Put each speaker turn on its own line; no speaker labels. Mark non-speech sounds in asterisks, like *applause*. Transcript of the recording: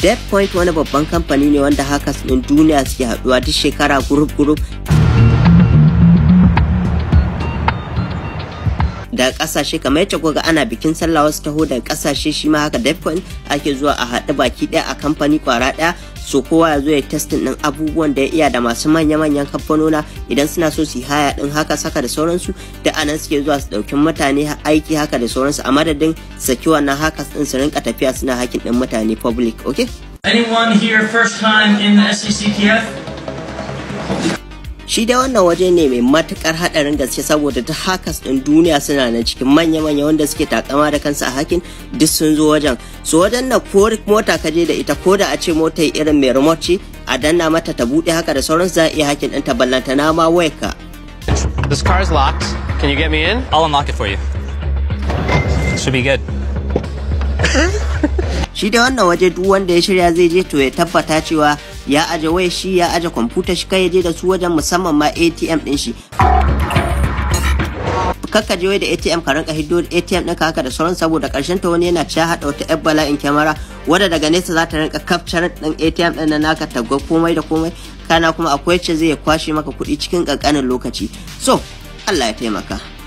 Dev Point wani babban kamfani ne wanda hackers ɗin duniya suke haɗuwa duk shekara gurup-gurup da kasashe kamar yadda kuka ana bikin sallah wasu taho da kasashe shi ma haka defcon ake zuwa a haɗu baki ɗaya a kamfani kwara ɗaya so kowa ya zo ya testin ɗin abubuwan da ya iya da masu manya-manyan kamfanona idan suna so su haya ɗin haka saka da sauransu da anan suke zuwa su ɗauki mutane aiki haka da sauransu a madadin saki na haka ɗin su rinka tafiya suna hakin ɗin mutane public
okay anyone here first time in the SCCTF?
shi dai wannan waje ne mai matukar hadarin gaske saboda ta hakas din duniya suna nan cikin manya-manya wanda suke takama da kansu a hakin duk sun zo wajen su wajen na ko mota ka je da ita ko da a ce mota irin mai remote ce a danna mata ta bude haka da sauran za a iya hakin din ta
ballanta na ma ka this car is locked can you get me in i'll unlock it for you should be good
*laughs* shi da wannan waje duk wanda ya shirya zai je to ya tabbata cewa ya aje waya shi ya aje kwamfuta shi kai ya je da su wajen musamman ma atm din shi kakka je da ATM ka rinka hiddo ATM ɗinka haka da sauran saboda karshen ta wani yana cewa hada wata ƴar bala'in kyamara wadda daga nesa za ta rinka kafcar ɗin ATM ɗin nan naka tagwa komai da komai kana kuma akwai ce zai kwashe maka kuɗi cikin ƙanƙanin lokaci so Allah ya taimaka.